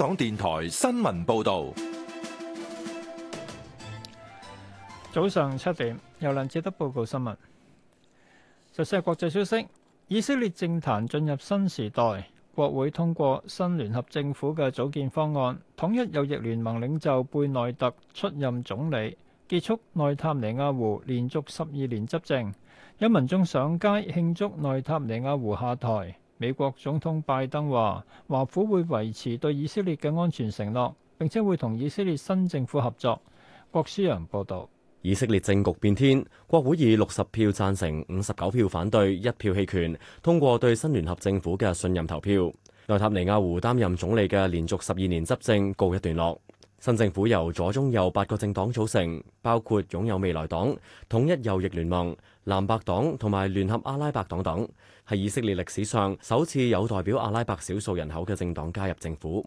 港電台新聞報道，早上七點，由梁志德報告新聞。首先係國際消息：以色列政壇進入新時代，國會通過新聯合政府嘅組建方案，統一右翼聯盟領袖貝內特出任總理，結束內塔尼亞胡連續十二年執政。有民眾上街慶祝內塔尼亞胡下台。美國總統拜登話，華府會維持對以色列嘅安全承諾，並且會同以色列新政府合作。郭思陽報道，以色列政局變天，國會以六十票贊成、五十九票反對、一票棄權，通過對新聯合政府嘅信任投票，內塔尼亞胡擔任總理嘅連續十二年執政告一段落。新政府由左、中、右八個政黨組成，包括擁有未來黨、統一右翼聯盟、藍白黨同埋聯合阿拉伯黨等，係以色列歷史上首次有代表阿拉伯少數人口嘅政黨加入政府。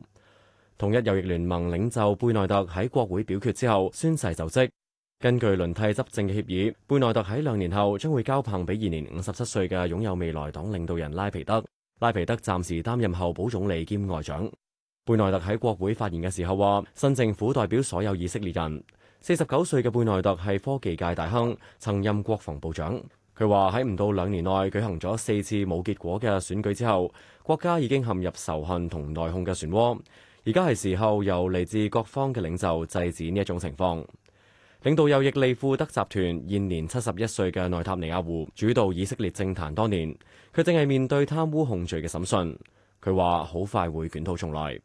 統一右翼聯盟領袖貝內特喺國會表決之後宣誓就職。根據輪替執政嘅協議，貝內特喺兩年後將會交棒俾現年五十七歲嘅擁有未來黨領導人拉皮德。拉皮德暫時擔任候補總理兼外長。貝內特喺國會發言嘅時候話，新政府代表所有以色列人。四十九歲嘅貝內特係科技界大亨，曾任國防部長。佢話喺唔到兩年內舉行咗四次冇結果嘅選舉之後，國家已經陷入仇恨同內訌嘅漩渦。而家係時候由嚟自各方嘅領袖制止呢一種情況。領導右翼利庫德集團現年七十一歲嘅內塔尼亞胡主導以色列政壇多年，佢正係面對貪污控罪嘅審訊。佢話好快會捲土重來。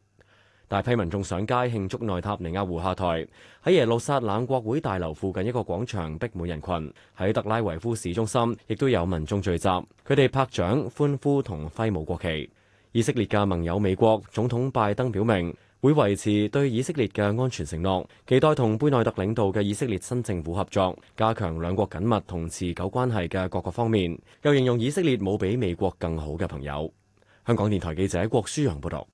大批民眾上街慶祝內塔尼亞胡下台，喺耶路撒冷國會大樓附近一個廣場，逼滿人群。喺特拉維夫市中心，亦都有民眾聚集，佢哋拍掌、歡呼同揮舞國旗。以色列嘅盟友美國總統拜登表明，會維持對以色列嘅安全承諾，期待同貝內特領導嘅以色列新政府合作，加強兩國緊密同持久關係嘅各個方面。又形容以色列冇比美國更好嘅朋友。香港電台記者郭舒揚報道。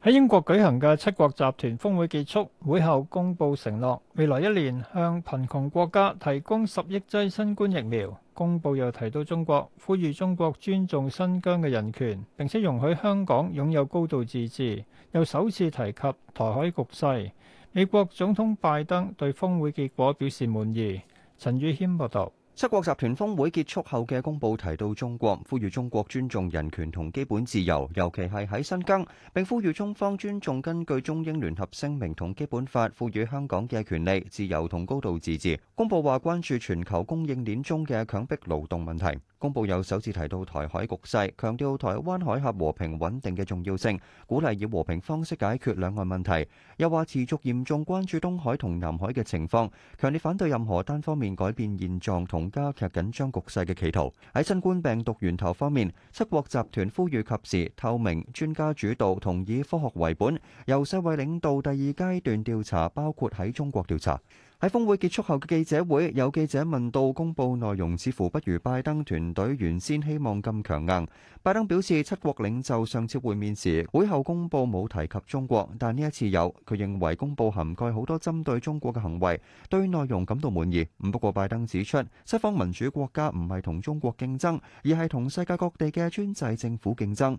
喺英國舉行嘅七國集團峰會結束，會後公佈承諾，未來一年向貧窮國家提供十億劑新冠疫苗。公佈又提到中國，呼籲中國尊重新疆嘅人權，並且容許香港擁有高度自治。又首次提及台海局勢。美國總統拜登對峰會結果表示滿意。陳宇謙報道。七國集團峰會結束後嘅公報提到中國，呼籲中國尊重人權同基本自由，尤其係喺新疆，並呼籲中方尊重根據中英聯合聲明同基本法賦予香港嘅權利、自由同高度自治。公報話關注全球供應鏈中嘅強迫勞動問題。公布有首次提到台海局勢，強調台灣海峽和平穩定嘅重要性，鼓勵以和平方式解決兩岸問題，又話持續嚴重關注東海同南海嘅情況，強烈反對任何單方面改變現狀同加劇緊張局勢嘅企圖。喺新冠病毒源頭方面，七國集團呼籲及時、透明、專家主導同以科學為本，由世衛領導第二階段調查，包括喺中國調查。喺峰會結束後嘅記者會，有記者問到公布內容似乎不如拜登團隊原先希望咁強硬。拜登表示，七國領袖上次會面時，會後公布冇提及中國，但呢一次有。佢認為公布涵蓋好多針對中國嘅行為，對內容感到滿意。不過拜登指出，西方民主國家唔係同中國競爭，而係同世界各地嘅專制政府競爭。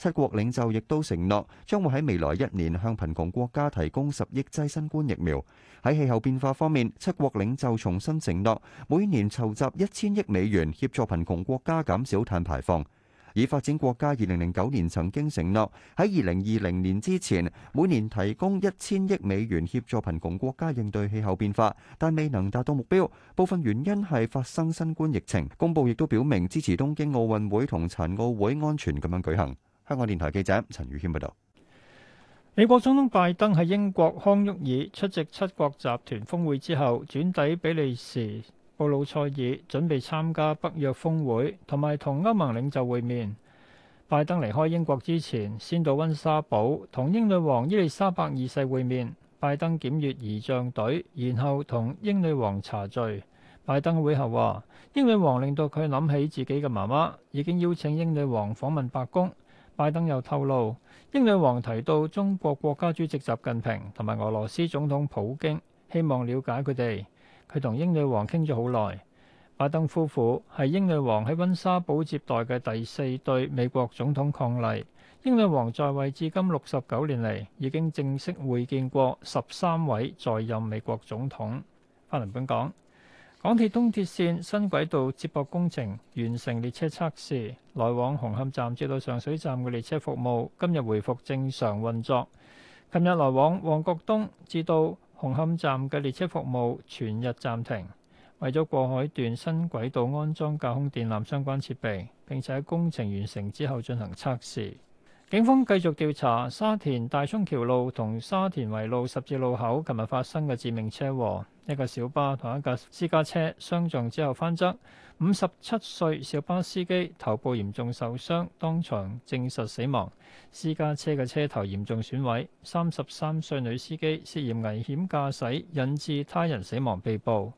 七國領袖亦都承諾，將會喺未來一年向貧窮國家提供十億劑新冠疫苗。喺氣候變化方面，七國領袖重新承諾每年籌集一千億美元協助貧窮國家減少碳排放。已發展國家二零零九年曾經承諾喺二零二零年之前每年提供一千億美元協助貧窮國家應對氣候變化，但未能達到目標。部分原因係發生新冠疫情。公佈亦都表明支持東京奧運會同殘奧會安全咁樣舉行。香港電台記者陳宇謙報道：美國總統拜登喺英國康沃爾出席七國集團峰會之後，轉抵比利時布魯塞爾，準備參加北約峰會，同埋同歐盟領袖會面。拜登離開英國之前，先到温莎堡同英女王伊麗莎白二世會面。拜登檢閱儀仗隊，然後同英女王茶聚。拜登會後話，英女王令到佢諗起自己嘅媽媽。已經邀請英女王訪問白宮。拜登又透露，英女王提到中國國家主席習近平同埋俄羅斯總統普京，希望了解佢哋。佢同英女王傾咗好耐。拜登夫婦係英女王喺溫莎堡接待嘅第四對美國總統伉儷。英女王在位至今六十九年嚟，已經正式會見過十三位在任美國總統，法倫本講。港鐵東鐵線新軌道接駁工程完成列車測試，來往紅磡站至到上水站嘅列車服務今日回復正常運作。琴日來往旺角東至到紅磡站嘅列車服務全日暫停，為咗過海段新軌道安裝架空電纜相關設備，並且喺工程完成之後進行測試。警方繼續調查沙田大涌橋路同沙田圍路十字路口琴日發生嘅致命車禍，一架小巴同一架私家車相撞之後翻側，五十七歲小巴司機頭部嚴重受傷，當場證實死亡；私家車嘅車頭嚴重損毀，三十三歲女司機涉嫌危險駕駛，引致他人死亡，被捕。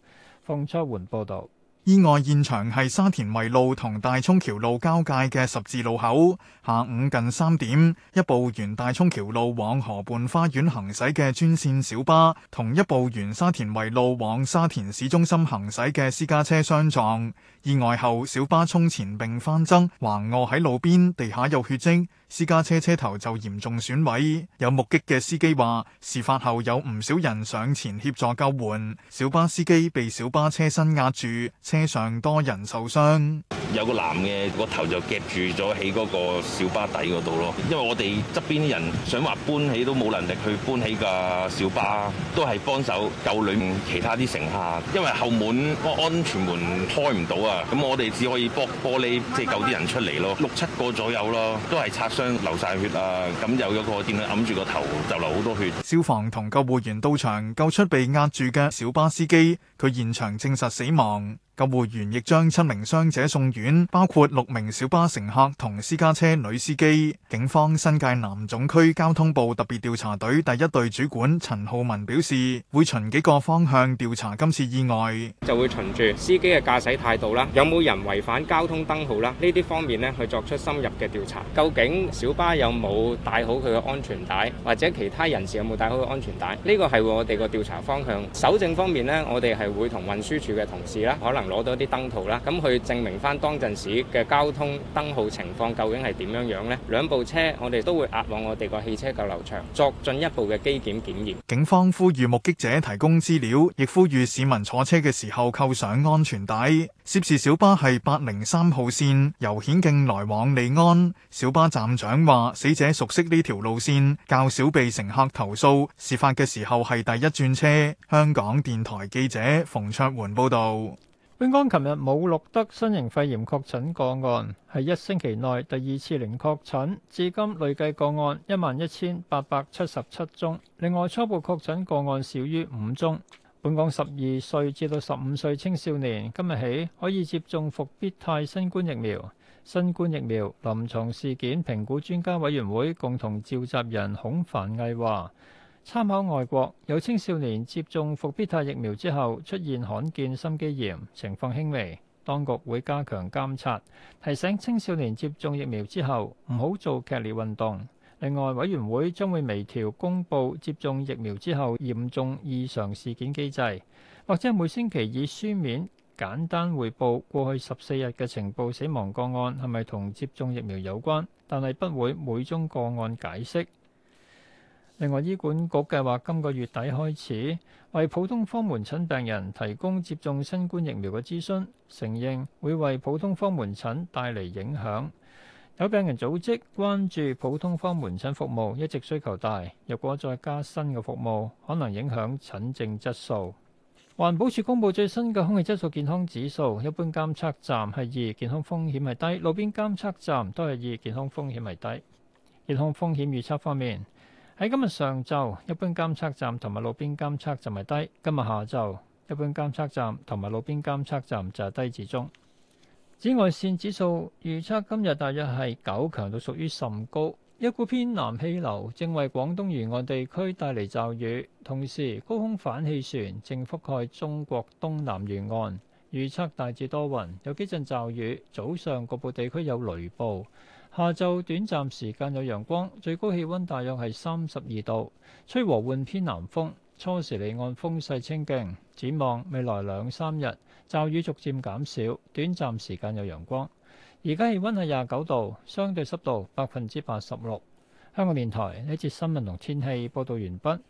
馮卓桓報導。意外現場係沙田圍路同大涌橋路交界嘅十字路口。下午近三點，一部沿大涌橋路往河畔花園行駛嘅專線小巴，同一部沿沙田圍路往沙田市中心行駛嘅私家車相撞。意外後，小巴衝前並翻側，橫臥喺路邊，地下有血跡，私家車車頭就嚴重損毀。有目擊嘅司機話，事發後有唔少人上前協助救援，小巴司機被小巴車身壓住。車上多人受傷，有個男嘅個頭就夾住咗喺嗰個小巴底嗰度咯。因為我哋側邊啲人想話搬起都冇能力去搬起架小巴，都係幫手救裏面其他啲乘客。因為後門個安全門開唔到啊，咁我哋只可以駁玻璃即係救啲人出嚟咯，六七個左右咯，都係擦傷、流晒血啊。咁有個店員揞住個頭就流好多血。消防同救護員到場救出被壓住嘅小巴司機，佢現場證實死亡。救護員亦將七名傷者送院，包括六名小巴乘客同私家車女司機。警方新界南總區交通部特別調查隊第一隊主管陳浩文表示，會循幾個方向調查今次意外，就會循住司機嘅駕駛態度啦，有冇人違反交通燈號啦，呢啲方面呢去作出深入嘅調查。究竟小巴有冇帶好佢嘅安全帶，或者其他人士有冇帶好佢安全帶？呢個係我哋個調查方向。搜證方面呢，我哋係會同運輸署嘅同事啦，可能。攞到啲燈圖啦，咁去證明翻當陣時嘅交通燈號情況究竟係點樣樣呢？兩部車，我哋都會押往我哋個汽車扣留場作進一步嘅機檢檢驗。警方呼籲目擊者提供資料，亦呼籲市民坐車嘅時候扣上安全帶。涉事小巴係八零三號線，由顯徑來往利安。小巴站長話：死者熟悉呢條路線，較少被乘客投訴。事發嘅時候係第一轉車。香港電台記者馮卓桓報導。本港琴日冇錄得新型肺炎確診個案，係一星期內第二次零確診，至今累計個案一萬一千八百七十七宗。另外，初步確診個案少於五宗。本港十二歲至到十五歲青少年今日起可以接種復必泰新冠疫苗。新冠疫苗臨床事件評估專家委員會共同召集人孔繁毅話。參考外國，有青少年接種復必泰疫苗之後出現罕見心肌炎，情況輕微，當局會加強監察，提醒青少年接種疫苗之後唔好做劇烈運動。另外，委員會將會微調公佈接種疫苗之後嚴重異常事件機制，或者每星期以書面簡單匯報過去十四日嘅情報死亡個案係咪同接種疫苗有關，但係不會每宗個案解釋。另外，醫管局計劃今個月底開始為普通科門診病人提供接種新冠疫苗嘅諮詢，承認會為普通科門診帶嚟影響。有病人組織關注普通科門診服務一直需求大，如果再加新嘅服務，可能影響診症質素。環保署公佈最新嘅空氣質素健康指數，一般監測站係二，健康風險係低；路邊監測站都係二，健康風險係低。健康風險預測方面。喺今日上晝，一般監測站同埋路邊監測站係低。今日下晝，一般監測站同埋路邊監測站就係低至中。紫外線指數預測今日大約係九，強度屬於甚高。一股偏南氣流正為廣東沿岸地區帶嚟驟雨，同時高空反氣旋正覆蓋中國東南沿岸，預測大致多雲，有幾陣驟雨。早上局部地區有雷暴。下晝短暫時間有陽光，最高氣温大約係三十二度，吹和緩偏南風，初時離岸風勢清勁。展望未來兩三日，驟雨逐漸減少，短暫時間有陽光。而家氣温係廿九度，相對濕度百分之八十六。香港電台呢節新聞同天氣報道完畢。